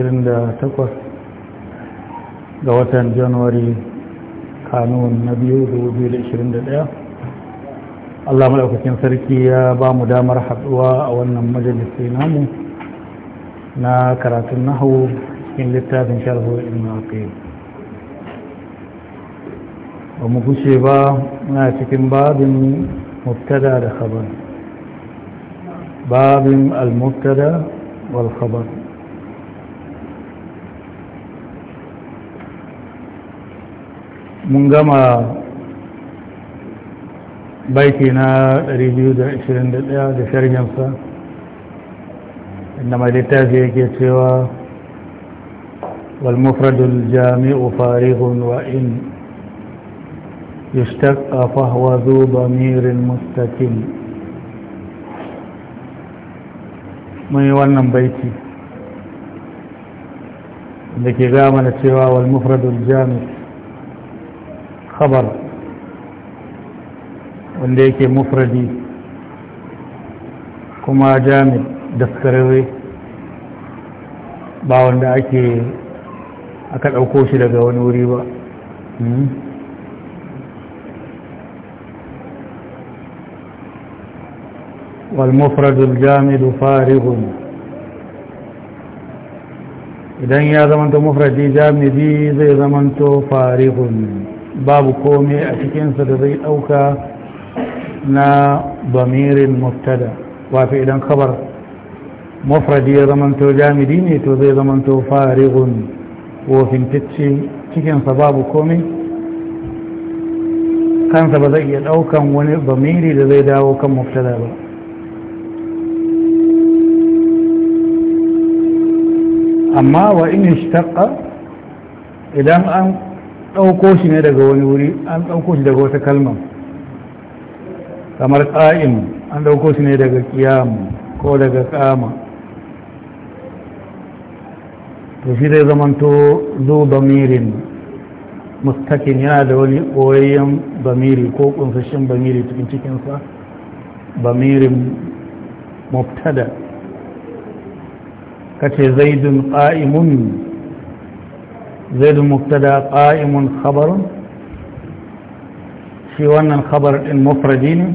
28 ga watan januwari kanun na 2021 allah maɗaukakin sarki ya ba mu damar haɗuwa a wannan majalisi namu na karatun nahu cikin littafin sharhu ibn ba mu gushe ba na cikin babin mubtada da khabar babin al-mubtada wal khabar mun gama baiti na 221 da sharhinsa inda mai littafi yake cewa walmufradul jami'u farihun wa in yustaqa fahwa zo damirin mustaqim mun yi wannan baiti da ke gama da cewa walmufradul jami'u خبر wanda yake mufradi kuma jami'in daskararri ba wanda ake aka ɗauko shi daga wani wuri ba hmm? walmufradin jami'in farihun idan ya zamanto mufradi jami'in zai zamanta farihun ne babu kome a cikinsa da zai ɗauka na bamirin muftada wato idan kabar mafradi ya zamanto jamidi ne to zai zamanto farigun cikin cikinsa babu komai kansa ba zai iya ɗaukan wani bamiri da zai dawo kan muftada ba amma wa in ishtaqa idan an ɗauko shi ne daga wani wuri an ɗauko shi daga wata kalma kamar ƙa'im an ɗauko shi ne daga ƙiyam ko daga ƙama to shi zai zamanto zu bamirin mustakin yana da wani ɓoyayyen bamiri ko ƙunsashin bamiri cikin cikinsa bamirin mubtada kace zaidun ƙa'imun زيد مبتدا قائم خبر shi wannan khabar din mufradi ne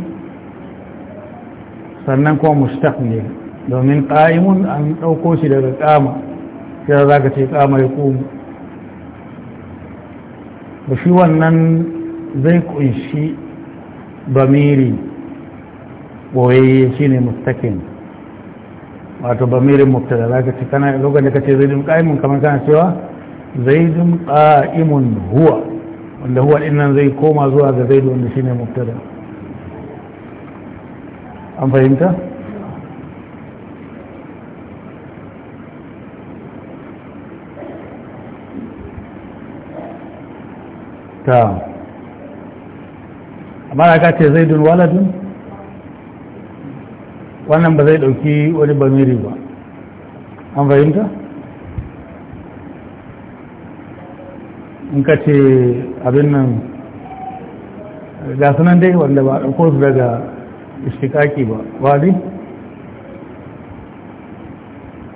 sannan kuma mustaq ne domin qa'imun an dauko shi daga qama sai zaka ce qama ya shi wannan zai kunshi bamiri boyayye shine mustaqim wato bamirin mubtada kana lokacin da ce zai qa'imun kamar kana cewa zaidun qa'imun huwa wanda huwa nan zai koma zuwa ga zaidu wanda shine mubtada an fahimta ta amma ka ce zaidun waladun wannan ba zai ɗauki wani bamiri ba an fahimta in ka ce abin nan ga sunan dai wanda ba ɗauko su daga ishtikaki ba wali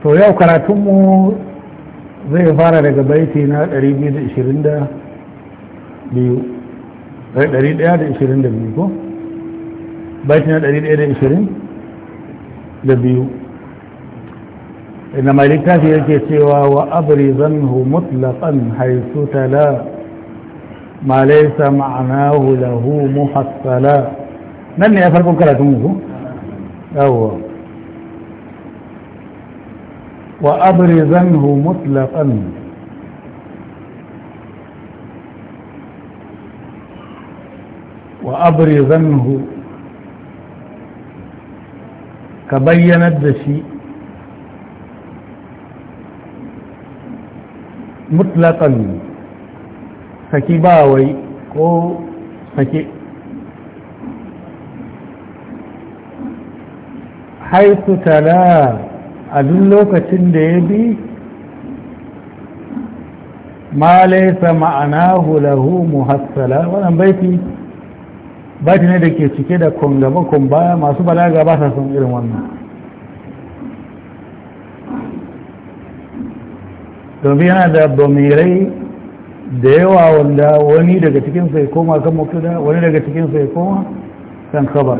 to yau karatunmu zai fara daga baiti na 222 122 eh, ko baiti na 120 da biyu إنما الكافي يجي سوى وأبرزنه مطلقا حيث تلا ما ليس معناه له محصلا من يفرق كلا تموه أو وأبرزنه مطلقا وأبرزنه كبين بشيء mutlaƙan saki ba wai ko sake haitu tana a duk lokacin da ya bi ma laisa hulahu lahu muhassala wannan baiti baiti ne da ke cike da kongaba baya masu balaga ba sa son irin wannan domin yana da bamirai da yawa wanda wani daga cikin sai koma kan mubtada wani daga cikin sai koma kan kabar,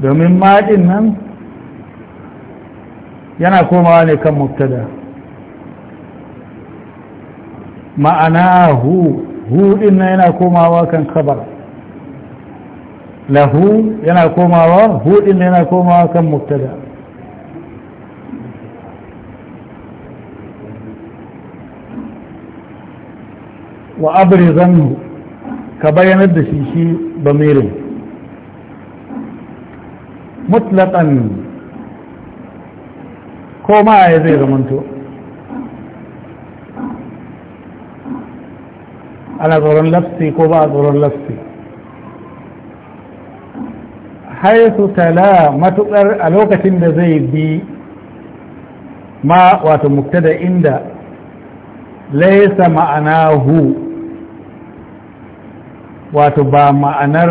domin maɗin nan yana komawa ne kan mubtada ma'ana hu hu din nan yana komawa kan kabar lahu yana komawa hu din yana komawa kan mubtada wa abrizanhu ka bayanar da shi shi bamirin mutlaƙan ko ma ya zai zamanto ana tsoron lafti ko ba a tsoron lafsi haisu tala matuƙar a lokacin da zai bi ma wato muktada inda laisa ma'ana hu. wato ba ma'anar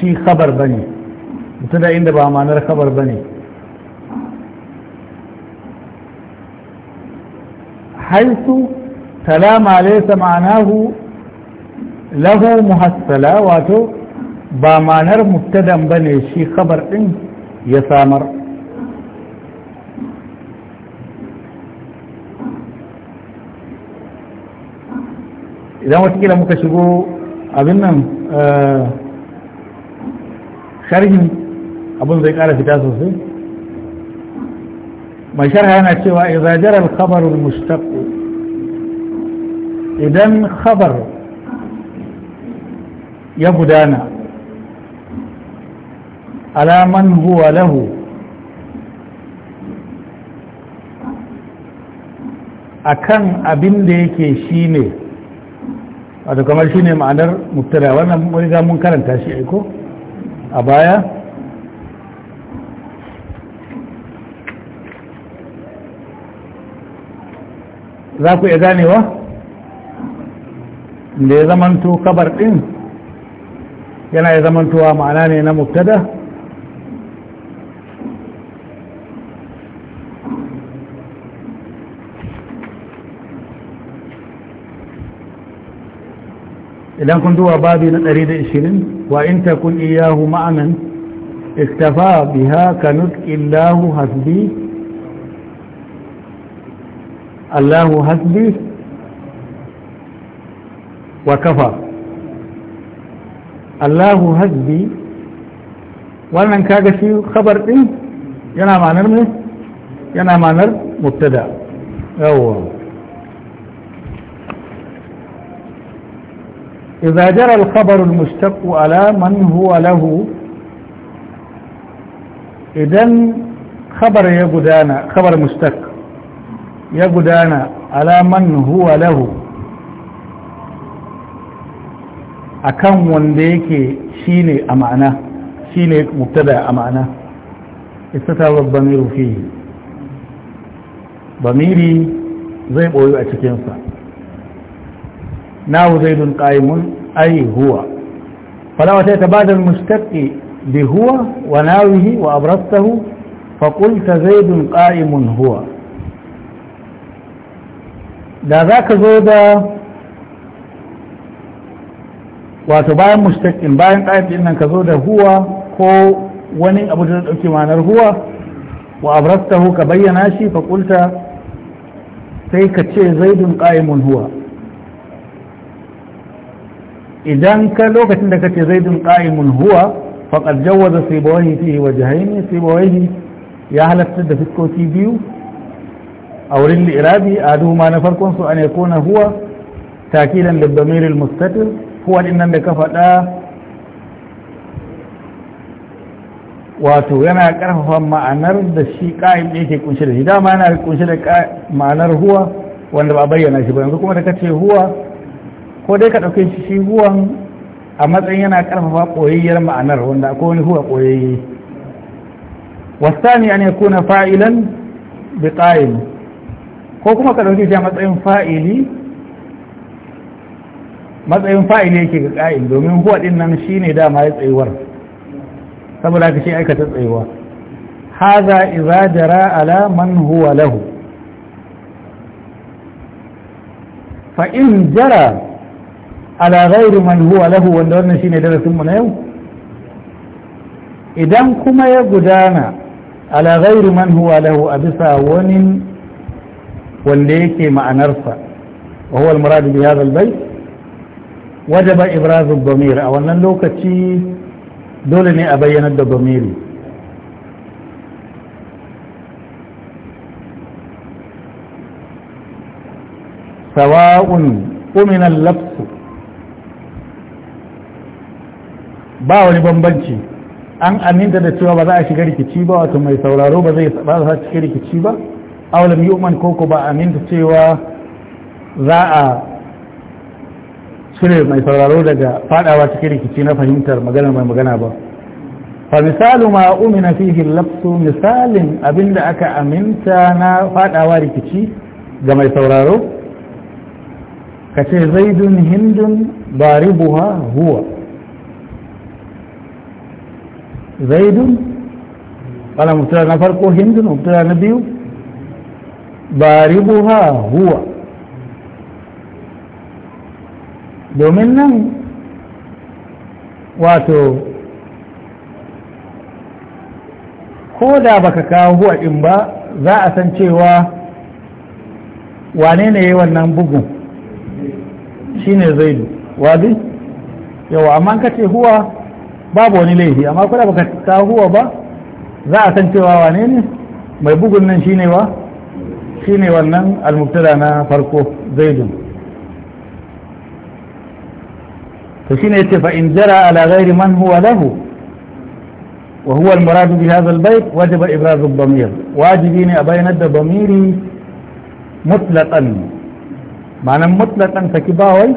shi kabar ba ne mutu da inda ba ma'anar kabar ba ne haisu talama laisa ma'anahu lahu muhassala wato ba ma'anar mubtadan ba ne shi kabar din ya samar idan watakila muka shigo abin nan eh, sharhin abin zai kara fita sosai mai sharha yana cewa izajarar khabarul mustaqqu idan khabar ya gudana alaman huwa lahu akan abin da yake shine ne wato kamar shine ma'anar mubtada wannan wani mun karanta shi aiko a baya za ku iya ganewa da ya zamanto kabar ɗin? yana ya zamantowa ma'ana ne na mubtada idan kun duba babi na 120 wa in takun iyahu ma'anan iktafa biha kanut illahu hasbi allahu hasbi wa kafa allahu hasbi wannan kaga shi khabar din yana ma'anar ne yana ma'anar mubtada yawwa إذا جرى الخبر المشتق على من هو له إذن خبر يقدانا خبر مشتق على من هو له akan wanda yake shine a ma'ana shine mubtada a ma'ana istatawa bamiru fihi bamiri zai boyo a cikinsa nahu zaidun qa'imun أي هو فلما تتبادل المشتق بهو وناوه وأبرزته فقلت زيد قائم هو da za ka zo da wato bayan mustaƙin bayan ɗaifin nan ka zo da huwa ko wani abu da ɗauki manar huwa wa abrastahu ka bayyana shi faƙulta sai ka ce zaidun ƙa'imun huwa idan ka lokacin da kake zaidun qa'imun huwa faqad jawaza sibawayhi fihi wajhayn sibawayhi ya halatta da fikoti biyu awrin li iradi adu ma na farkon su an yakuna huwa takilan damir al mustatir huwa innan da ka faɗa wato yana karfafa ma'anar da shi qa'im da yake kunshi da shi dama yana kunshi da ma'anar huwa wanda ba bayyana shi ba yanzu kuma da kace huwa ko dai ka ɗauke shi huwan a matsayin yana ƙarfafa koyayyar ma'anar wanda akwai wani huwa koyayye wasani an kuna fa'ilan bi ko kuma ka ɗauke shi a matsayin fa'ili matsayin fa'ili yake ga ƙa'il domin huwa ɗin nan shine dama ya tsayuwar saboda ka ce aikata tsayuwa haza iza jara ala man huwa lahu fa in jara على غير من هو له وانا شيء شين يدرى ثم نيو إذن كما يقدانا على غير من هو له أبسا ون وليك مع نرفا وهو المراد بهذا البيت وجب إبراز الضمير أولا لو كتشي دولني أبين الضمير سواء ومن اللبس ba wani bambanci an aminta da cewa ba za a shiga rikici ba wato mai sauraro ba zai ba za a shiga rikici ba awalam yu'man koko ba aminta cewa za a cire mai sauraro daga fadawa cikin rikici na fahimtar magana mai magana ba fa misalu ma umina fihi lafsu misalin abinda aka aminta na fadawa rikici ga mai sauraro kace zaidun hindun baribuha huwa zaidun ana mubtada na farko hindun mubtada na biyu ba ha huwa domin nan wato ko da baka kawo huwa in ba za a san cewa wane ne ya wannan bugun shine zaidu wadi yawa amma kace huwa babu wani laifi amma kuna baka tahuwa ba za a san cewa wane ne mai bugun nan shine wa shine wannan almubtada na farko zaidun to shine yace fa in jara ala ghairi man huwa lahu wa huwa almurad bi hadha albayt wajaba ibraz ad-damir wajibi ne a bayyana da damiri mutlaqan ma'anan mutlaqan saki ba wai.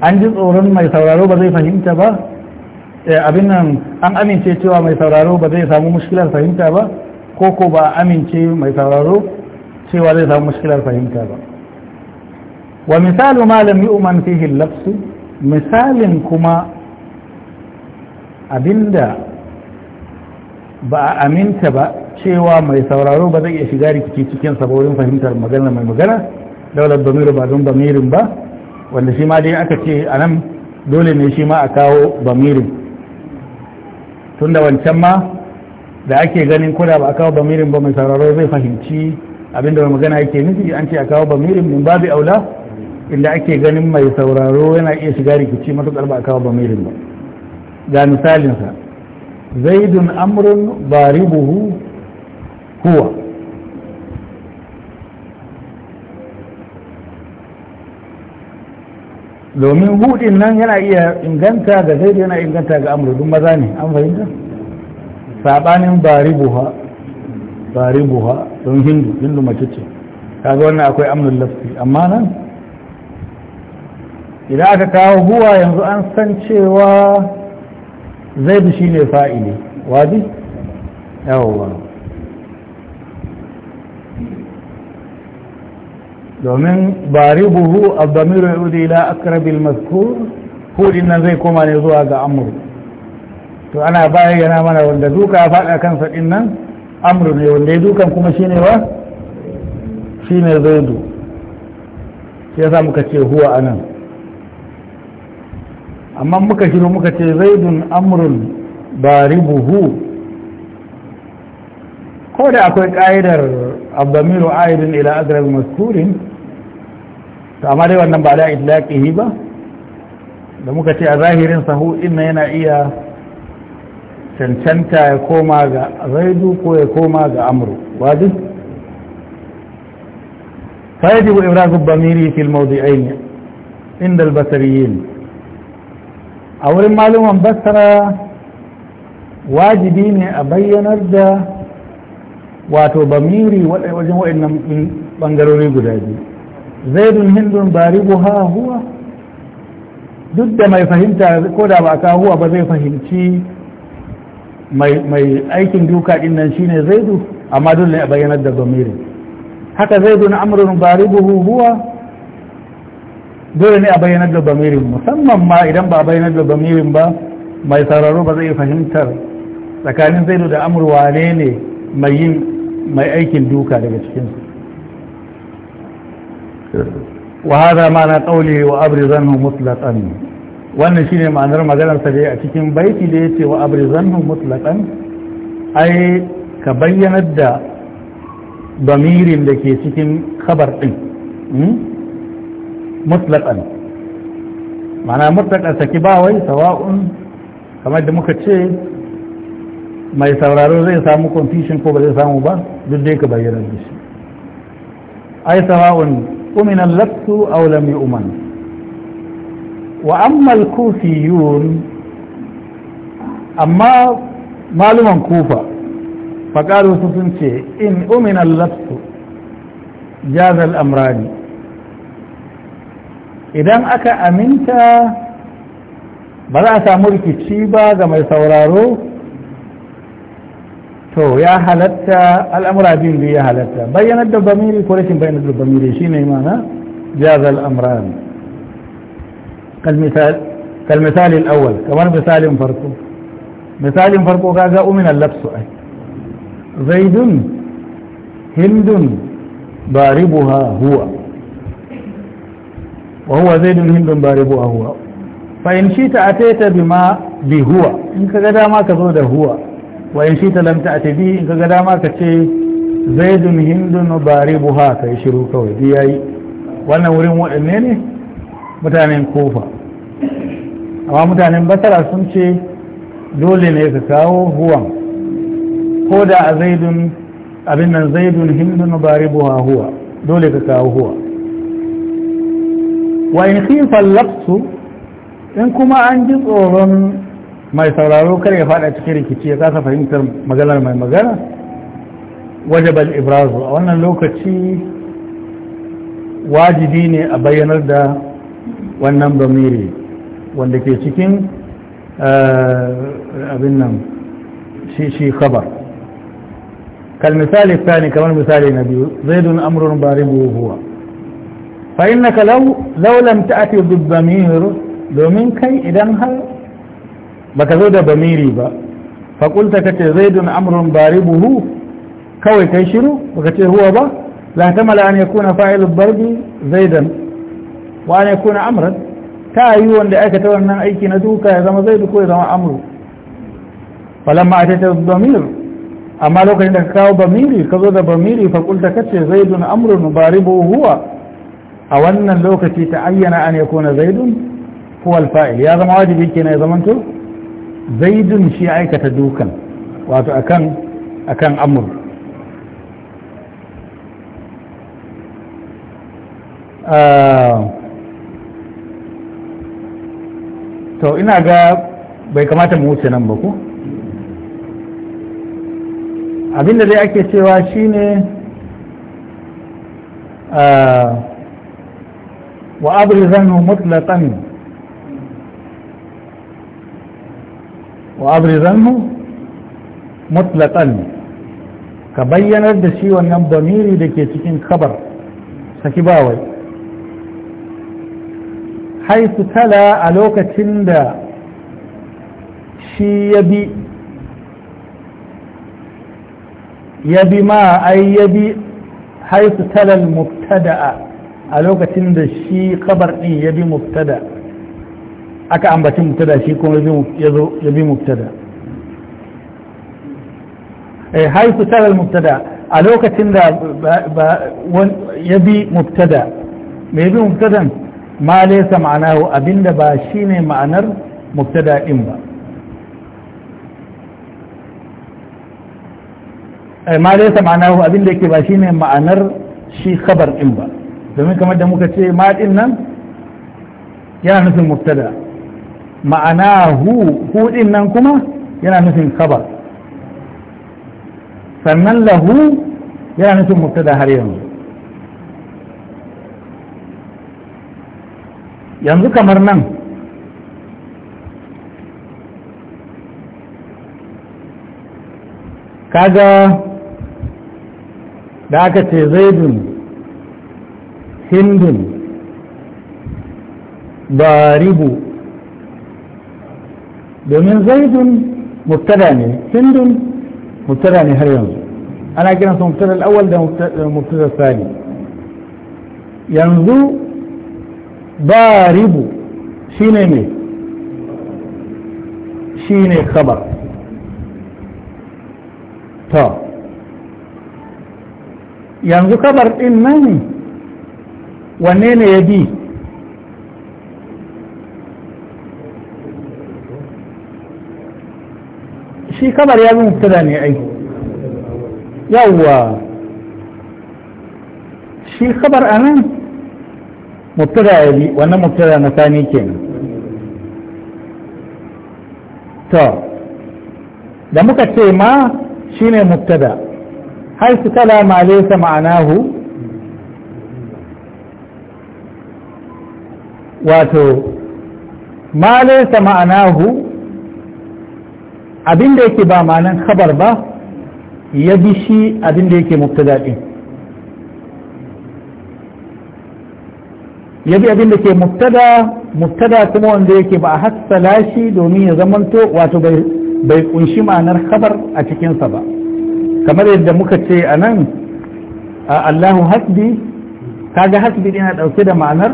an ji tsoron mai sauraro ba zai fahimta ba Eh, abin nan an amince cewa mai sauraro ba zai samu mushkilar fahimta ba ko ko ba amince mai sauraro cewa zai samu mushkilar fahimta ba wa misalu malam yi umar fihi al misalin kuma abinda ba a aminta ba cewa mai sauraro ba zai iya shiga rikici cikin saborin fahimtar magana mai magana daular bamirin ba don bamirin ba wanda shi ma dai aka ce a nan dole ne shi ma a kawo bamirin tun da wancan ma da ake ganin koda ba a kawo bamirin ba mai sauraro zai fahimci abinda mai magana yake nufi an ce a kawo bamirin min bi aula inda ake ganin mai sauraro yana iya shiga rikici matuƙar ba a kawo bamirin ba ga misalinsa zaidun amrun baribuhu huwa domin hudin nan yana iya inganta ga zai yana inganta ga amur duk maza ne an fahimta sabanin baribuha baribuha don hindu hindu mace ce kaga wannan akwai amnul lafi amma nan idan aka kawo huwa yanzu an san cewa zai shi ne fa'ili wadi wani domin baribuhu abdamiru yudi ila akrabil mazkur hudin nan zai koma ne zuwa ga Amur. to ana bayyana mana wanda duka faɗa kansa din nan Amur ne wanda ya dukan kuma ne wa zai zaidu sai yasa muka ce huwa anan amma muka shiru muka ce zaidun amrun baribuhu ko da akwai ƙa'idar. الضمير عائد إلى أدرى مذكور فأما دي وأنم بعد إطلاقه با da muka ce a zahirin sahu inna yana iya cancanta ya koma ga zaidu ko ya koma ga amru wajib فيجب إبراز الضمير في الموضعين عند البصريين أول معلومة بصرة واجبين أبين الدى wato bamiri wajen waɗannan bangarori guda biyu zaidun hindun baribu ha huwa duk da mai fahimta ko da ba ka huwa ba zai fahimci mai aikin duka din nan shine zaidu amma dole ne a bayyanar da bamiri haka zaidun amrun baribuhu huwa dole ne a bayyanar da bamirin musamman ma idan ba a bayyanar da bamirin ba mai sauraro ba zai fahimtar tsakanin zaidu da amurwa ne ne mai yin mai aikin duka daga cikinsu wa hada ma'ana qawli wa mutlaqan wannan shine ma'anar maganar sa a cikin baiti da yace wa abrizanhu mutlaqan ai ka bayyana da damirin da ke cikin khabar din hmm? mutlaqan ma'ana mutlaqan saki ba wai sawa'un kamar da muka ce mai sauraro zai samu confusion ko ba zai samu ba duk dai ka bayyana da shi ai sawa'un umina lattu aw lam yu'man wa amma al-kufiyun amma maluman kufa su sun ce in umina lattu jaza al-amrani idan aka aminta ba za a samu rikici ba ga mai sauraro to ya halatta al'amura biyun biyu ya halatta bayyanar da bamiri ko rashin bayyanar da bamiri shine mana jazal amran kalmisal kalmisal al-awwal kamar misalin farko misalin farko kaga umin al-labsu ai zaidun hindun baribuha huwa wa huwa zaidun hindun baribuha huwa fa in shi ta ateta bima bi huwa in kaga dama ka zo da huwa wa shi ta lamta a tabi in ga dama ka ce zaidun hindun Bari, buha ka yi shiru kawai duk yayi wannan wurin waɗanne ne mutanen kofa amma mutanen basara sun ce dole ne ka kawo huwan ko da a zaidun abin nan zaidun hindun Bari, buha huwa dole ka kawo huwa wa in khifal lafsu in kuma an ji tsoron mai sauraro kar ya fada cikin rikici ya kasa fahimtar maganar mai magana wajabal ibrazu a wannan lokaci wajibi ne a bayyanar da wannan bamiri wanda ke cikin eh, abin nan shi khabar kal misali tsani kamar misali na biyu zaidun amrun baribu huwa fa innaka law law ta ta'ti bi domin kai idan har baka zo da bamiri ba faƙulta ka ce zaidun amrun baribuhu kawai kai shiru baka ce huwa ba la tamala an yakuna fa'ilul barbi zaidan wa an yakuna amran ta yi wanda aka ta wannan aiki na duka ya zama zaidu ko ya zama amru falamma atata damir amma lokacin da ka kawo bamiri ka zo da bamiri faƙulta ka ce zaidun amrun baribuhu huwa a wannan lokaci ta ayyana an yakuna zaidun huwa al ya zama wajibi kenan ya zamanto zaidun shi aikata dukan wato akan akan amur ah, to ina ga bai kamata mu wuce nan ba ko abinda dai ake cewa shine ah, wa abrizan mutlaqan وأبرز عنه مطلقا كبين الدشي والنم ضميري لكي تكين خبر سكباوي حيث تلا ألوك تند شي يبي يبي ما أي يبي حيث تلا المبتدأ ألوك تند شي خبر إيه يبي مبتدأ aka ambaci mubtada shi kuma ya bi mubtada haifu tarar mubtada a lokacin da ya bi mubtada mai bi mubtadan ma laisa ma'anahu abinda ba shine ma'anar mubtada din ba ma laisa ma'anahu abinda yake ba shine ma'anar shi khabar din ba domin kamar da muka ce ma din nan yana nufin mubtada ma'ana hu ɗin nan kuma yana nufin kabar sannan lahu yana nufin mubtada har yanzu yanzu kamar nan kaga da aka ce zaidun hindun baribu بمن زيد مبتداني هند مبتداني هل ينظر انا اجينا في المبتدى الاول ده المبتدى الثاني ينظر ضارب شين ايه شين خبر تا ينظر خبر ان ماني ونين يديه shi kamar ya zama mubtada ne ai yawwa shi kabar a nan mubtada ya bi wannan mubtada na sani kenan to da muka ce ma shi shine mubtada haisu kala ma laysa ma'anahu wato ma laysa ma'anahu abin da yake ba ma'anan khabar ba ya bi shi abin da yake mubtada din ya bi abin da ke mubtada mubtada kuma wanda yake ba a hassala shi domin ya zamanto wato bai kunshi ma'anar khabar a cikinsa ba kamar yadda muka ce a nan Allahu hasbi kaga hasbi yana ɗauke da ma'anar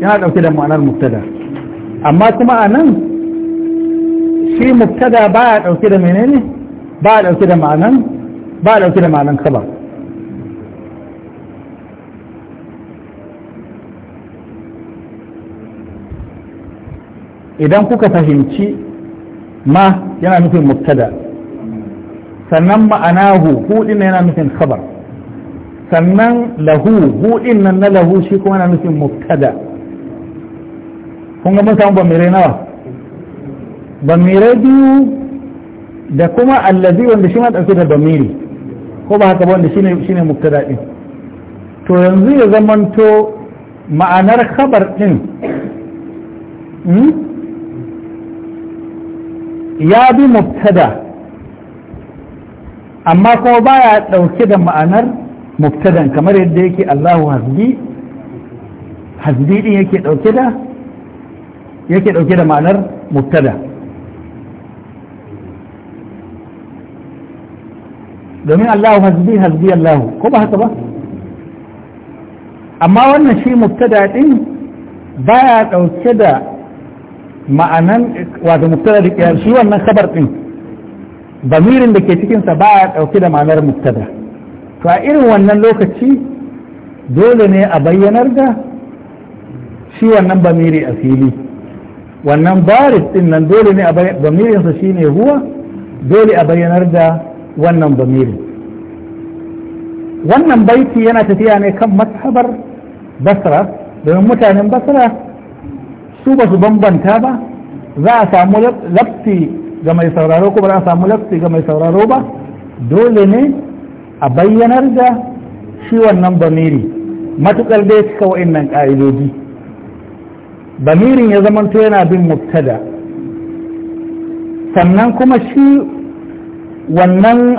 yana dauke da ma'anar mubtada amma kuma a nan shi muktada ba ya ɗauki da menene ba ya ɗauki da ma'anan ba ya ɗauki da ma'anan kaba idan kuka fahimci ma yana nufin muktada sannan ma'anahu hudin yana nufin khabar sannan lahu hudin nan na lahu shi kuma yana nufin muktada kun ga mun samu bamirai nawa bamirai biyu da kuma allazi wanda shi ma ɗauke da bamiri ko ba haka ba wanda shi ne muktada ɗin to yanzu ya zamanto ma'anar khabar ɗin hmm, ya bi muktada amma kuma baya ɗauke da ma'anar muktadan kamar yadda yake allahu hasbi hasbi ɗin yake ɗauke da da ma'anar muktada domin Allahu hasbi hasbi Allahu ko ba haka ba amma wannan shi mubtada din baya dauke da ma'anan wato mubtada da kiyar shi wannan khabar din bamirin da ke cikin sa baya dauke da ma'anar mubtada to a irin wannan lokaci dole ne a bayyanar da shi wannan bamiri a fili wannan baris din nan dole ne a bamirinsa shine huwa dole a bayyanar da wannan bamiri wannan baiti yana tafiya ne kan mazhabar basra domin mutanen basra su ba su bambanta ba za a samu lafti ga mai sauraro ko ba a samu lafti ga mai sauraro ba dole ne a bayyanar da shi wannan bamiri matuƙar dai cika wa'innan ƙa'idoji bamirin ya zamanto yana bin mubtada sannan kuma shi wannan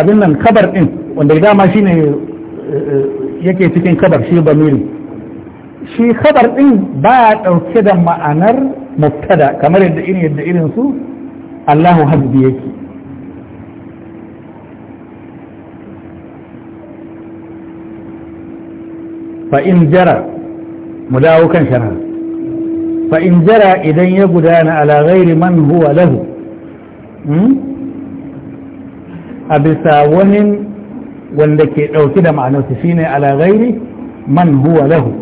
abin nan kabar din wanda dama shi ne eh, yake cikin kabar shi bamiri shi kabar din ba ya ɗauke da ma'anar mubtada kamar yadda irin yadda irin su Allahu hasbi yake fa in jara mu dawo kan shara fa jara idan ya gudana ala ghairi man huwa lahu hmm? a bisa wani wanda ke ɗauki da ma'anarsa shine ala ghairi man huwa lahu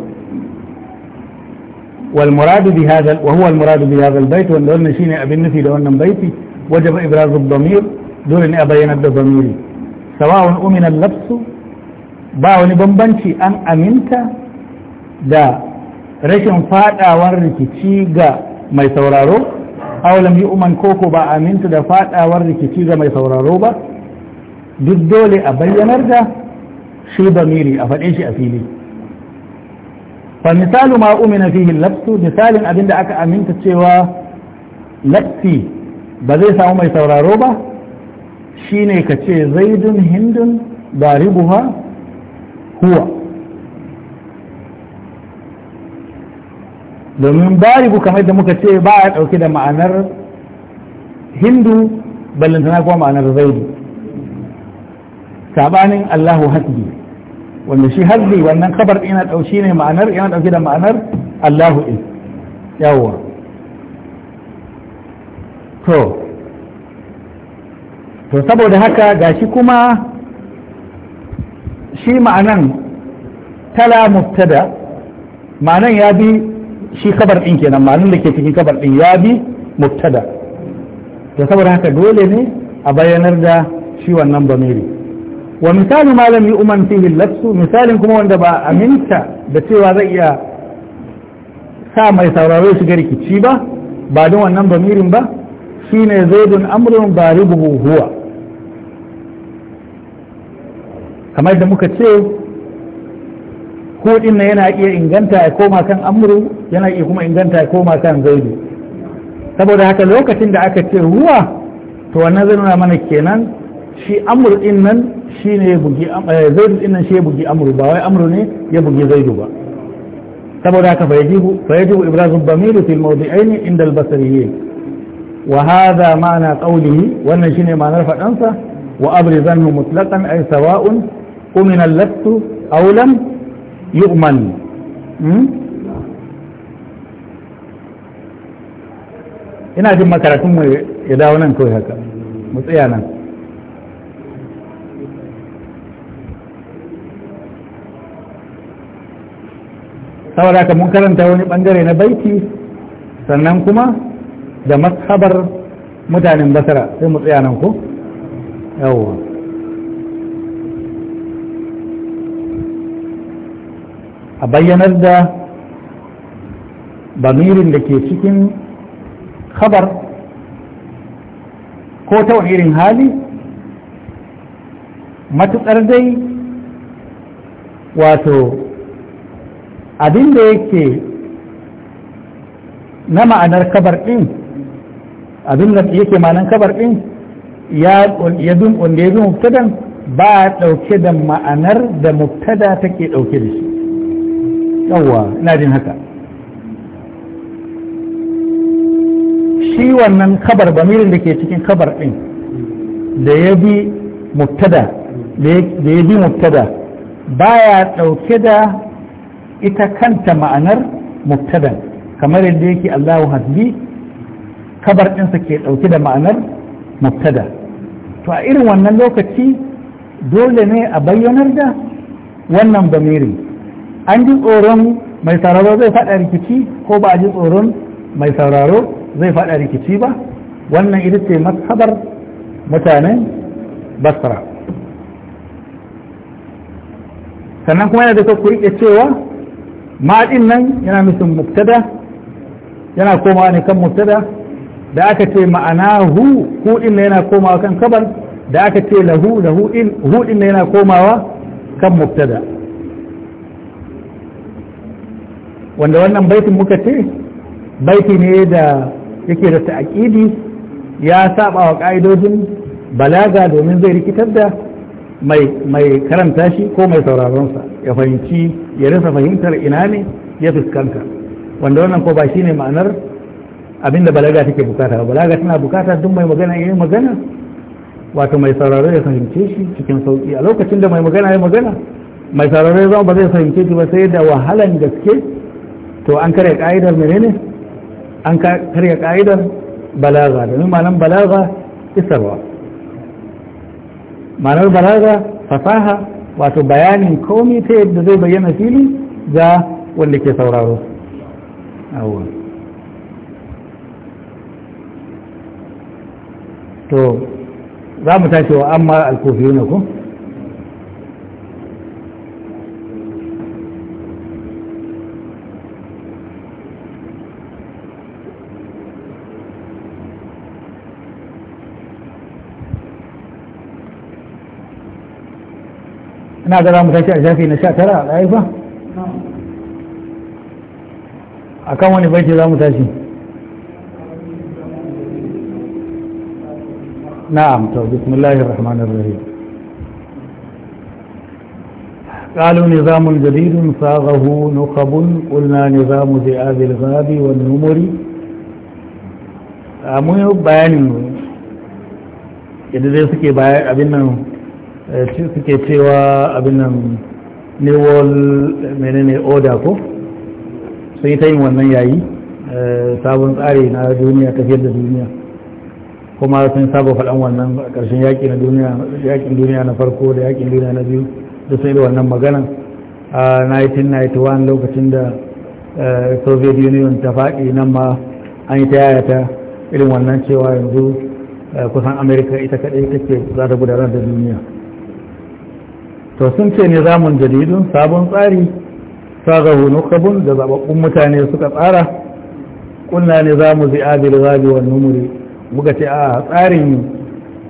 wal muradu bi hadha wa wanda wannan shine abin nufi da wannan baiti wajaba ibrazu damir dole ne a bayyana da damiri sawa'un umina al lafsu ba wani bambanci an aminta da rashin fadawar rikici ga mai sauraro aw lam yu'man koko ba aminta da fadawar rikici ga mai sauraro ba duk dole a bayyanar da shi a faɗe shi a fili fa misalu ma umina fihi lafsu misalin da aka aminta cewa lafsi ba zai samu mai sauraro ba shine ka ce zaidun hindun daribuha huwa domin daribu kamar da muka ce ba a ɗauke da ma'anar hindu ballantana kuma ma'anar zaidu sabanin Allahu hasbi wanda shi hasbi wannan kabar ina ɗauki ne ma'anar yana ɗauki da ma'anar Allahu in yawwa to to saboda haka gashi kuma shi ma'anan tala mubtada ma'anan ya bi shi kabar ɗin kenan ma'anan da ke cikin kabar ɗin ya bi mubtada to saboda haka dole ne a bayanar da shi wannan bamiri wa misali malami umar fihi lafsu misalin kuma wanda ba aminta da cewa zai iya sa mai sauraro shiga rikici ba ba don wannan bamirin ba shine zaidun amrun baribuhu huwa kamar da muka ce kudin na yana iya inganta ya koma kan amru yana iya kuma inganta ya koma kan zaidu saboda haka lokacin da aka ce ruwa to wannan zai nuna mana kenan shi amur din nan shi ne ya bugi zai din nan shi ya bugi amur ba wai amur ne ya bugi zaidu ba saboda haka fa yajibu fa yajibu ibrazu bamiru fil mawdi'ain inda al basriyyi wa hadha ma'na qawlihi wannan shine ma'anar fadan sa wa abri zannu mutlaqan ay sawa'un umin al lattu aw lam yu'man ina jin makaratun mu ya dawo nan kawai haka mu tsaya nan saboda ka mun karanta wani bangare na baiti sannan kuma da mashabar mutanen basara sai mu tsaya nan ko yawwa a bayyanar da bamirin da ke cikin khabar ko ta wani irin hali matuƙar dai wato abin da yake na ma'anar kabar ɗin abin da yake ma'anar kabar ɗin ya dunkun ya bi mubtadan ba ɗauke da ma'anar da muktada take ɗauke da shi yawwa ina jin haka shi wannan kabar bamirin da ke cikin kabar ɗin da ya bi muktada da ya bi ba baya ɗauke da ita kanta ma'anar muftadan kamar yadda yake Allahu hasbi kabar ɗinsa ke ɗauke da ma'anar mubtada to a irin wannan lokaci dole ne a bayyanar da wannan bamiri an ji tsoron mai sauraro zai faɗa rikici ko ba a ji tsoron mai sauraro zai faɗa rikici ba wannan ita ce mashabar mutanen basra sannan kuma yana da ku riƙe cewa Ma'adin nan yana nufin muktada, yana komawa ne kan muktada, da aka ce ma'ana hu hudin yana komawa kan kabar da aka ce lahu da hudin yana komawa kan muktada. wanda wannan baitin muka ce baiti ne da yake da ta'aƙidi ya saba wa ka'idojin balaga domin zai rikitar da mai karanta shi ko mai sauraronsa ya fahimci ya rasa fahimtar ina ne ya fuskanta wanda wannan ko ba shi ne ma'anar abinda balaga take bukata ba balaga tana bukata duk mai magana ya yi magana wato mai sauraro ya fahimce shi cikin sauki a lokacin da mai magana ya magana mai sauraro ya zama ba zai fahimce shi ba sai da wahalan gaske to an karya ka'idar ne an karya ka'idar balaga domin malam balaga isarwa ma'anar balaga fasaha wato bayani komi ta yadda zai bayyana fili ga wanda ke sauraro to za mu tashi wa amma al-kufiyuna ku هذا لا متشاء شافي نشاء ترى العيفة أكم وني بيتي لا متشاء نعم تو طيب، بسم الله الرحمن الرحيم قالوا نظام جديد صاغه نخب قلنا نظام ذئاب الغاب والنمر mun آه، بيان bayanin yadda zai suke Eh, suke cewa abin nan newall menene oda ko sun yi ta yin wannan yayi eh, sabon tsari na duniya tafiyar da duniya kuma sun saba faɗan wannan ƙarshen yaƙi na duniya yaƙin duniya na farko da yaƙin duniya na biyu da sun yi wannan magana a 1991 lokacin da eh, soviet union ta faɗi nan ma an yi ta yaya ta irin wannan cewa yanzu kusan amerika ita kaɗai take za ta gudanar da duniya to sun ce ne zamun jadidun sabon tsari sagahu nukabun da zababbun mutane suka tsara kunna mu zi'abil ghabi wa numuri muka ce a tsarin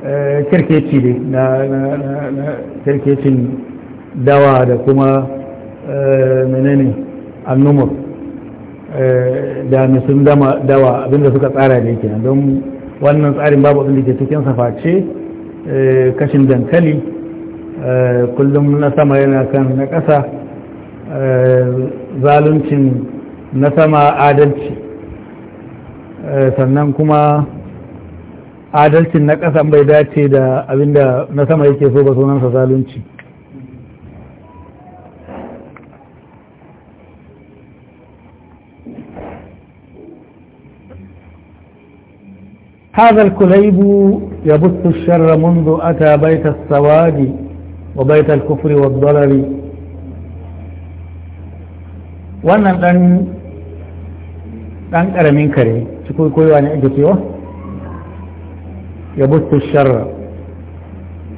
eh, kirkeci ne na kirkecin dawa da kuma eh, menene annumur eh, da misun dawa abinda suka tsara da yake don wannan tsarin babu abin da ke cikin ce kashin dankali Eh, kullum na sama yana kan na ƙasa eh, zaluncin na sama adalci eh, sannan kuma adalcin na ƙasa bai dace da abinda na sama yake so ba sunansa zalunci هذا الكليب يبث الشر منذ أتى بيت السواد وبيت الكفر والضلل wannan dan dan karamin kare cikin koyewa ne ake cewa ya bustu sharra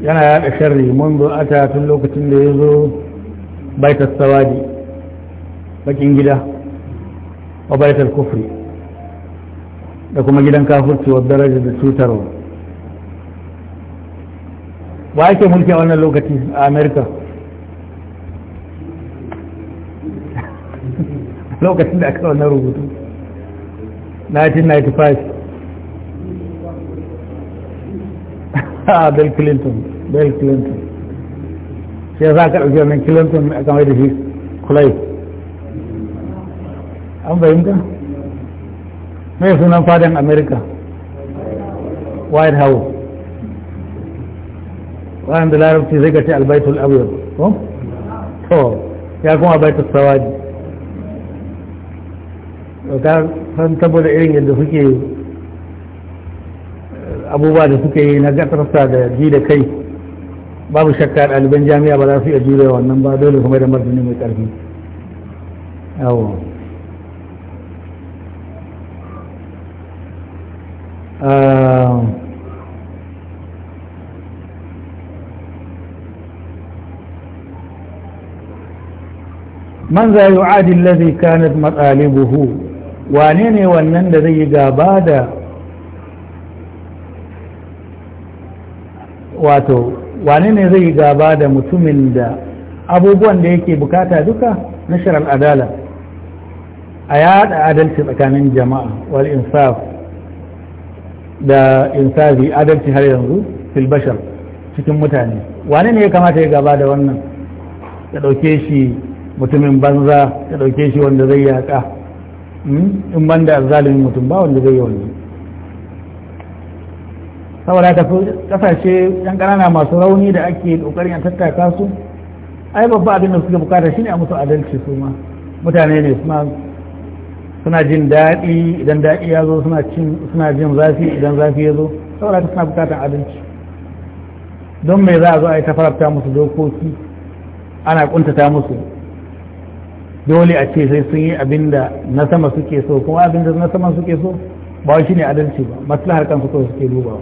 yana yaɗa sharri mundu ata tun lokacin da ya zo baitar sawadi bakin gida wa baitar kufri da kuma gidan kafurci wa daraja da cutarwa wa yake mulki a wannan lokaci a amerika lokacin da aka wannan rubutu 1995 ah bill clinton bill clinton shi ya za ka ɗauki wannan clinton a kamar da shi kulai an fahimta mai sunan fadin amerika white house wa'an da larabci zai gace albaitul abyad to ya kuma baitul sawadi ta ka san saboda irin yadda suke abubuwa da suke yi na gasarsa da ji da kai babu shakka ɗaliban jami'a ba za su iya jure wannan ba dole kuma da martini mai ƙarfi yawo Uh... Ah, man za yi wa'adi lazi kanat matsalibuhu wane ne wannan da zai yi gaba da wato wane ne zai gaba da mutumin da abubuwan da yake bukata duka na shirar adala a yada adalci tsakanin jama'a wal insaf da insafi adalci har yanzu filbashar cikin mutane wane ne ya kamata ya gaba da wannan ya ɗauke shi mutumin banza ya dauke shi wanda zai yaƙa hmm? in banda zalimin mutum ba wanda zai yi wannan saboda ta kasashe yan ƙanana masu rauni da ake ƙoƙarin a tattaka su ai babba abin da suke bukata shine a musu adalci su ma mutane ne suna jin daɗi idan daɗi ya zo suna jin zafi idan zafi ya zo saboda ta suna bukatar adalci don me za a zo a yi ta farabta musu dokoki ana kuntata musu dole a ce sai sun yi abin da na sama suke so kuma abin da na sama suke so ba shi ne adalci ba maslahar kansu kawai suke ba.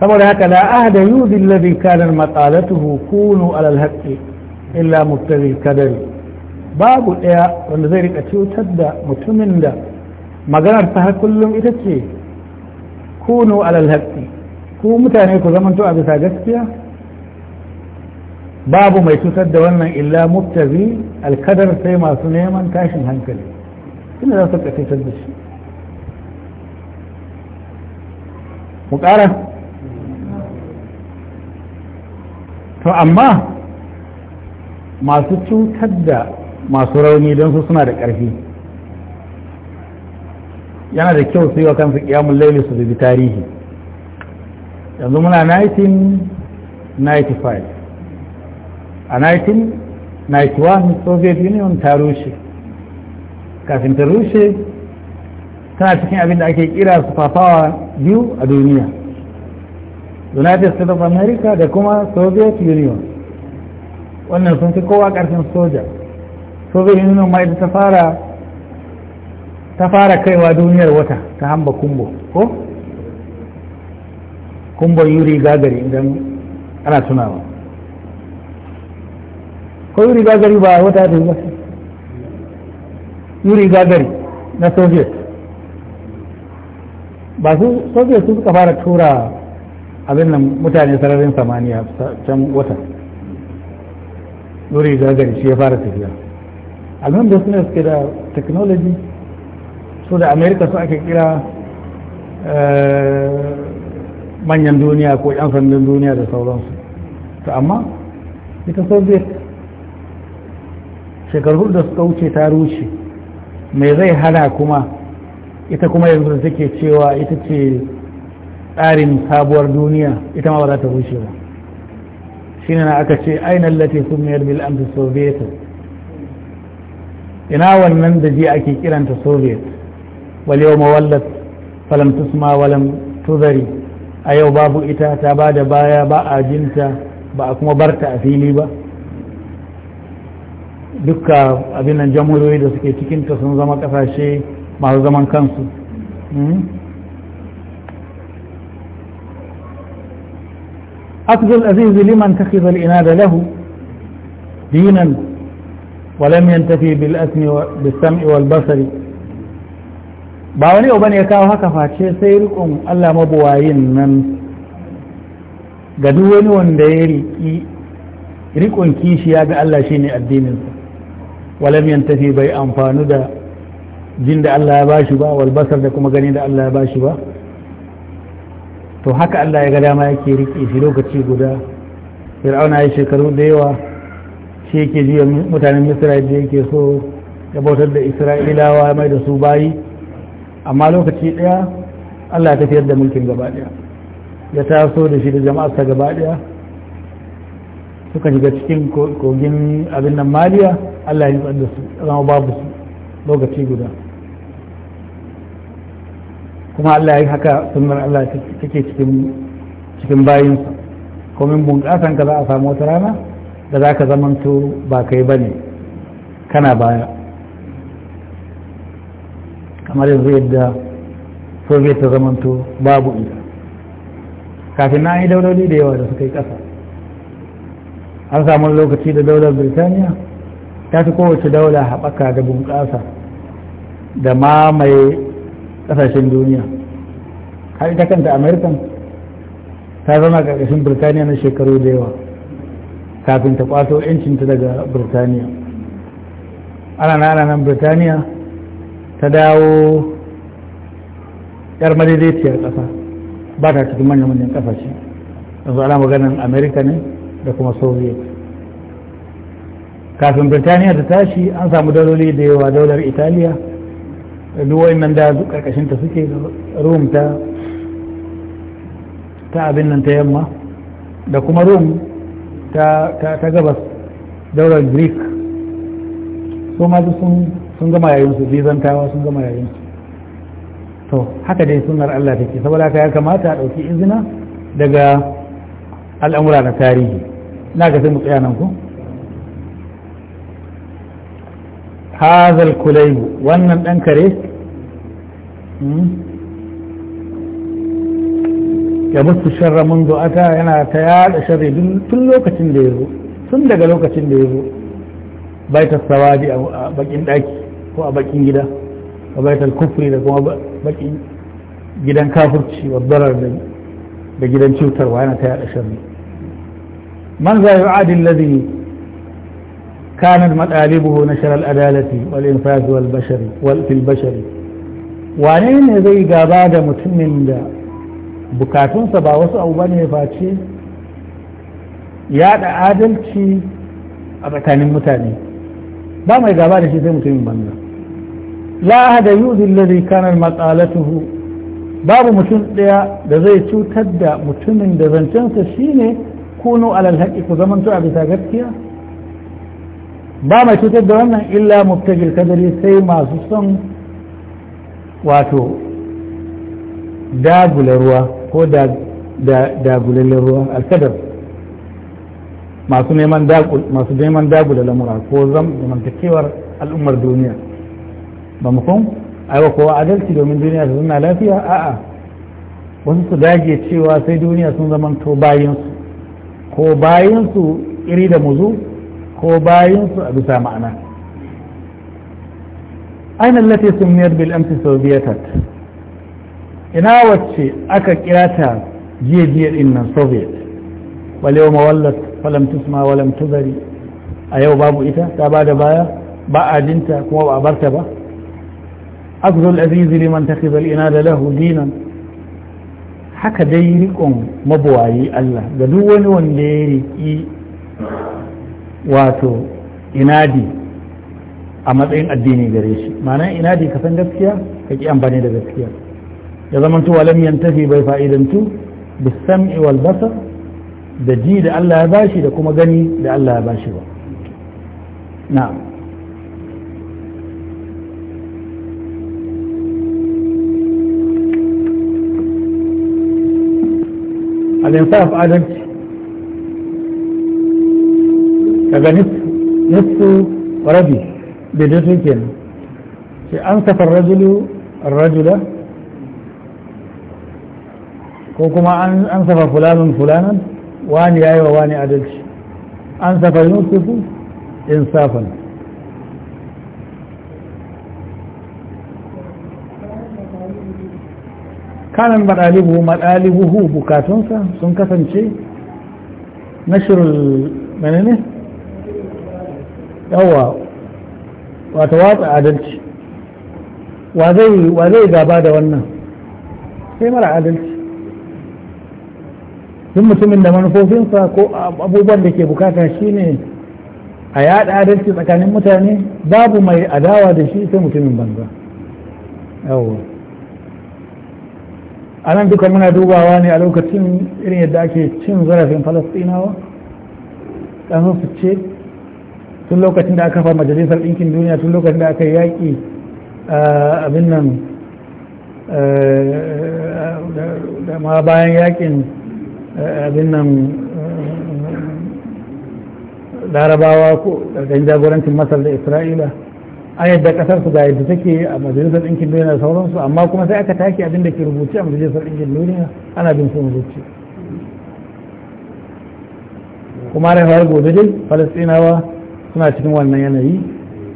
saboda haka la ahada yudi alladhi kana maqalatuhu kunu ala alhaqqi illa mubtaghi kadari babu ɗaya wanda zai rika cutar da mutumin da maganar ta har kullum ita ce kunu ala alhaqqi ku mutane ku zamanto a bisa gaskiya babu mai cutar da wannan illa mubtazi alkadar sai masu neman tashin hankali ina za su cutar da shi mu ƙara to amma masu cutar da masu rauni don su suna da ƙarfi yana da kyau su yi wa kansu ƙiyamun laili su zubi tarihi yanzu muna 1995 a 1991 soviet union ta rushe kafin ta rushe tana cikin abin da ake kira fafawa biyu a duniya united states of america da kuma soviet union wannan sun fi kowa karfin soja soviet union ma ita ta fara kaiwa duniyar wata ta hamba kumbo ko kumbo yuri gagari idan ana tunawa ko yuri gagari ba wata da ba yuri gagari na soviet ba su soviet sun suka fara tura abin nan mutane sararin samaniya can wata yuri gagari shi ya fara tafiya alhamdulillah suna suke da technology su da Amerika su ake kira eh, manyan duniya ko 'yan sandan duniya da sauransu to amma ita soviet shekaru da suka wuce ta rushe mai zai hana kuma ita kuma yanzu da take cewa ita ce tsarin sabuwar duniya ita ma ba za ta rushe ba shi na aka ce ainihin lati sun mayar bil soviet ina wannan da ji ake kiranta soviet wal yau mawallat falam tusma walam tuzari a yau babu ita ta ba da baya ba a jinta ba a kuma barta a fili ba dukka abin nan jamhuriyoyi da suke cikinta sun zama kasashe masu zaman kansu أخذ الأزيز لمن تخذ الإناد له دينا ولم ينتفي بالأسم بالسمع والبصر باولي أبن يكاو هكا فاتشي سيركم ألا مبواين من قدوني وانديري ريكون كيشي هذا ألا شيني الدين walam yantafi bai amfanu da jin da Allah ya bashi ba wal basar da kuma gani da Allah ya bashi ba to haka Allah ya ga dama yake rike shi lokaci guda fir'auna ya shekaru da yawa shi yake juya mutanen misra da yake so ya bautar da isra'ilawa mai da su bayi amma lokaci daya Allah ya tafiyar da mulkin gaba daya ya taso da shi da jama'arsa gaba daya suka shiga cikin kogin abin nan maliya Allah ya tsada su zama babu su lokaci guda kuma Allah ya yi haka sunan Allah take cikin cikin bayinsa komin bunƙasan ka za a samu wata rana da za ka zamanto ba kai ba kana baya kamar yanzu yadda soviet ta zamanto babu ita kafin na yi dauloli da yawa da suka yi ƙasa an samu lokaci da daular birtaniya ta fi kowace daula haɓaka da bunƙasa da mamaye ƙasashen duniya har ita kanta amerikan ta zama ƙarƙashin birtaniya na shekaru da yawa kafin ta ƙwato 'yancinta daga birtaniya ana na ana nan birtaniya ta dawo yar madaidaiciyar ƙasa ba ta cikin manyan manyan ƙasashe yanzu ana maganin america ne da kuma soviet kafin birtaniya ta tashi an samu daloli da yawa daular italiya duwai nan da karkashinta suke rum ta ta abin nan ta yamma da kuma rum ta gabas daular greek su ma sun gama yayin su bizantawa sun gama yayinsu to haka dai sunar allah take saboda haka ya kamata a ɗauki izina daga al'amura na tarihi na ga sai mu tsaya nan ko hazal kulaibu wannan ɗan kare hmm? ya mutu sharra mun ata yana ta yada sharri tun lokacin da ya zo tun daga lokacin da ya zo baitar sawadi a bakin daki ko a bakin gida a baitar kufri da kuma bakin gidan kafurci wa da gidan cutarwa yana ta yada sharri من ذا يعادي الذي كانت مطالبه نشر العدالة والإنفاذ والبشر في البشر وانين زي قابادة متمن دا بكاتون سبا وسو أو بني فاتشي يا عادل شي أبتان المتاني ba mai gaba da shi sai mutumin banza la ahada yuzi alladhi kana maqalatuhu babu mutum daya da zai cutar da mutumin da zancensa shine Kuno alal haƙi ku zaman a bisa gaskiya ba mai cutar da wannan illa mubtajil kadari sai masu son wato dagula ruwa ko dagulallen ruwa alkadar masu neman dagula lamura ko zamantakewar al'ummar duniya ba mukun aiwa kowa adalci domin duniya ta zuna lafiya a'a wasu su dage cewa sai duniya sun zamanto bayansu ko bayansu iri da muzu ko bayansu a bisa ma'ana aina lati miyar bil amsi soviyetat ina wacce aka kirata jiya jiya din nan soviet wal yau mawallat falam tusma walam tuzari a yau babu ita ta ba da baya ba a jinta kuma ba a barta ba أخذ الأزيز لمن تخذ da lahu, dinan. haka dai rikon mabuwayi Allah ga duk wani wanda ya riƙi wato inadi a matsayin addini gare shi ma'ana inadi ka san gaskiya ka ƙi amfani da gaskiya ya zama tuwa lam yantafi bai fa'idantu bisam'i wal basar da ji da Allah ya bashi da kuma gani da Allah ya bashi ba na'am الانصاف عدم هذا نصف نصف ربي بذلك في انصف الرجل الرجل كما انصف فلان فلانا واني ايوه واني عدل انصف يوسف انصافا kanan maɗalibu maɗalibuhu bukatunsa sun kasance nashirul menene yawa wata watsa adalci wa zai gaba da wannan sai mara adalci Sun mutumin da manufofinsa ko abubuwan da ke bukata shine a yada adalci tsakanin mutane babu mai adawa da shi sai mutumin banza yawa a nan duka muna dubawa ne a lokacin irin yadda ake cin zarafin falastinawa ɗan su ce tun lokacin da aka kafa majalisar ɗinkin duniya tun lokacin da aka yaƙi abin nan da ma bayan yaƙin abin nan larabawa ko ɗan jagorancin masar da isra'ila a yadda kasar su ga yadda take a majalisar ɗinkin duniya da sauransu amma kuma sai aka take abin da ke rubuce a majalisar ɗinkin duniya ana bin sun rubuce kuma da fara gobe dai falastinawa suna cikin wannan yanayi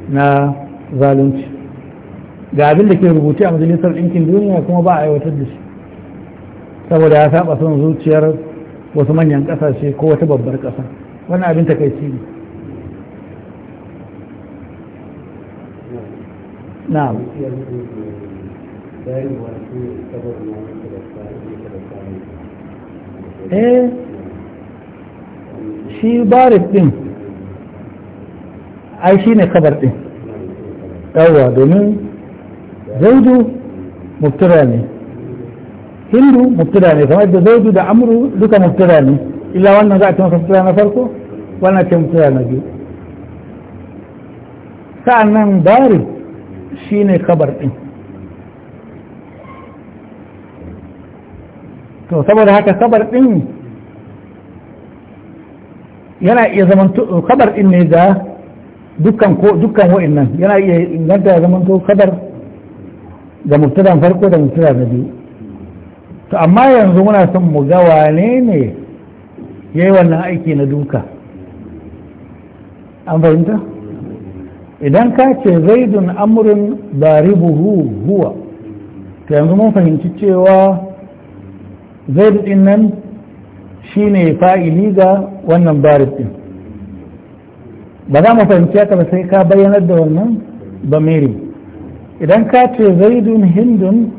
na zalunci ga abin da ke rubuce a majalisar ɗinkin duniya kuma ba a aiwatar da shi saboda ya saba son zuciyar wasu manyan ƙasashe ko wata babbar ƙasa wannan abin takaici ne na'am eh shi baris din ai shi ne kabar din yawwa domin zaidu mubtada hindu mubtada ne kamar da zaidu da amru duka mubtada illa wannan za a ce masa mubtada farko wannan ce mubtada na biyu sa'an nan baris shine kabar ɗin to saboda haka kabar ɗin yana iya zaman kabar ɗin ne ga dukkan ko dukkan wa'annan yana iya inganta zaman to kabar ga mubtada farko da mubtada na biyu to amma yanzu muna son mu ga wane ne yayi wannan aiki na duka an fahimta idan ka ce zaidun amurin daribuhu huwa ta yanzu mun fahimci cewa zaidu din nan shi ne fa'ili ga wannan barib din ba za mu fahimci haka ba sai ka bayyanar da wannan bamiri idan ka ce zaidun hindun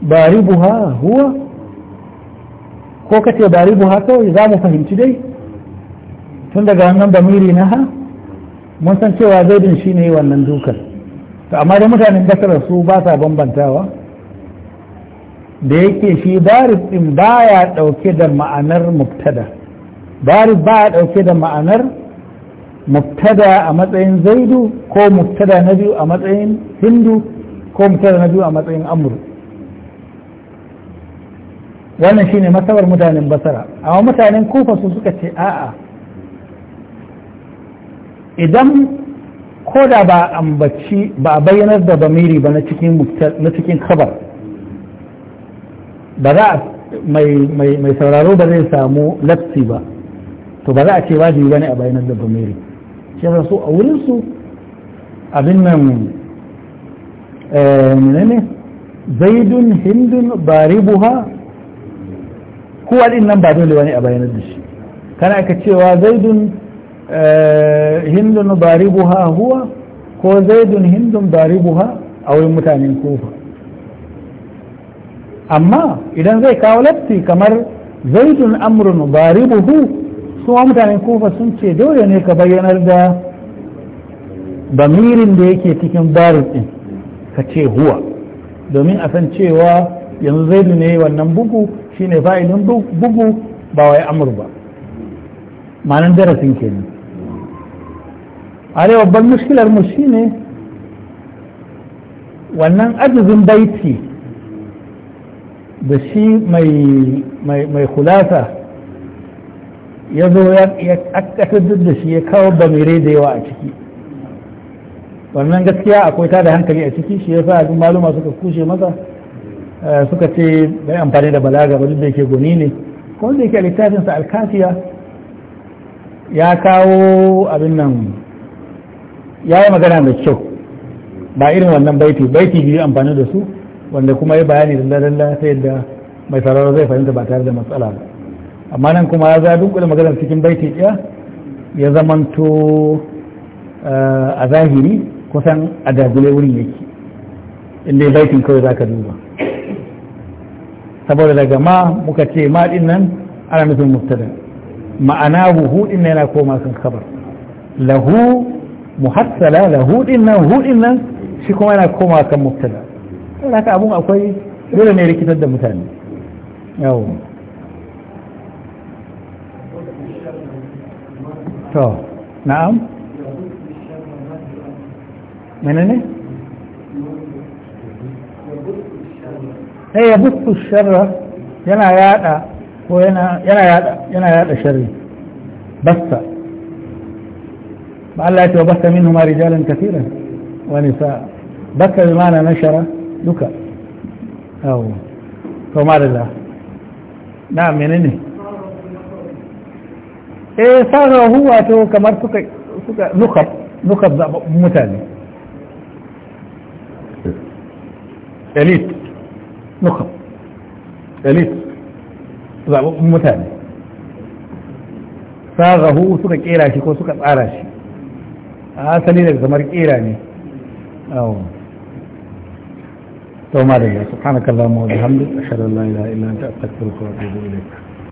buha huwa ko ka ce buha kawai za mu fahimci dai tun daga wannan bamiri na ha mun san cewa zaidin shi ne wannan dukan to amma da mutanen basara su ba sa bambantawa da yake shi baris ɗin ba ya ɗauke da ma'anar mubtada baris ba ya ɗauke da ma'anar mubtada a matsayin zaidu ko mubtada na biyu a matsayin hindu ko mubtada na biyu a matsayin amur wannan shine masabar mutanen basara amma mutanen kufa su suka ce a'a idan ko da ba ambaci ba bayyanar da bamiri ba na cikin kabar ba za a mai sauraro ba zai samu lafsi ba to ba za a ce wajibi ba ne a bayanar da bamiri shi yasa su a wurinsu abin nan eh, menene zaidun hindun baribuha kowa din nan ba dole ne a bayanar da shi kana aka cewa zaidun Eh, hindun baribuha huwa ko zaidun hindun baribuha a wurin mutanen kufa amma idan zai kawo latti kamar zaidun amrun baribuhu su mutanen kufa sun ce dole ne ka bayyanar da bamirin da yake cikin barin ɗin ka ce huwa domin a san cewa yanzu zaidu ne wannan bugu shine fa'ilin bugu ba wai amur ba ma'anin darasin kenan Ale babban mushkilar mu shine wannan ajizin baiti da shi mai hulasa ya zo ya duk da shi ya kawo bamire da yawa a ciki wannan gaskiya akwai ta da hankali a ciki shi ya sa abin maluma suka kushe masa eh, suka ce bai amfani da balaga ba duk da yake goni ne kuma da yake littafinsa alkafiya ya kawo abin nan ya yi magana da kyau ba irin wannan baiti baiti biyu amfani da su wanda kuma ya bayani da dalla ta yadda mai sarara zai fahimta ba tare da matsala ba amma nan kuma ya za dunkule magana cikin baiti ɗaya ya zamanto eh, a zahiri kusan a dagule wurin yake inda ya baitin kawai za ka duba saboda daga ma muka ce ma ɗin nan ana nufin muftada ma'ana huhu ɗin yana koma kan kabar lahu muhassala lahu din nan hu din nan shi kuma yana koma kan mubtada sai haka abun akwai dole ne rikitar da mutane yawo to na'am menene sai ya buku sharra yana yada ko yana yada yana yada sharri basta مع معلات وبث منهما رجالا كثيرا ونساء بث بمعنى نشر بك او فما طيب، لله نعم من انه ايه صار هو تو كما نخب نخب مثالي اليت نخب اليت مثالي صار هو سكا كيراشي كو سكا قاراشي a asali daga kamar kira ne to ma da ya subhanakallahumma wa bihamdika ashhadu an la ilaha illa anta astaghfiruka wa atubu ilayk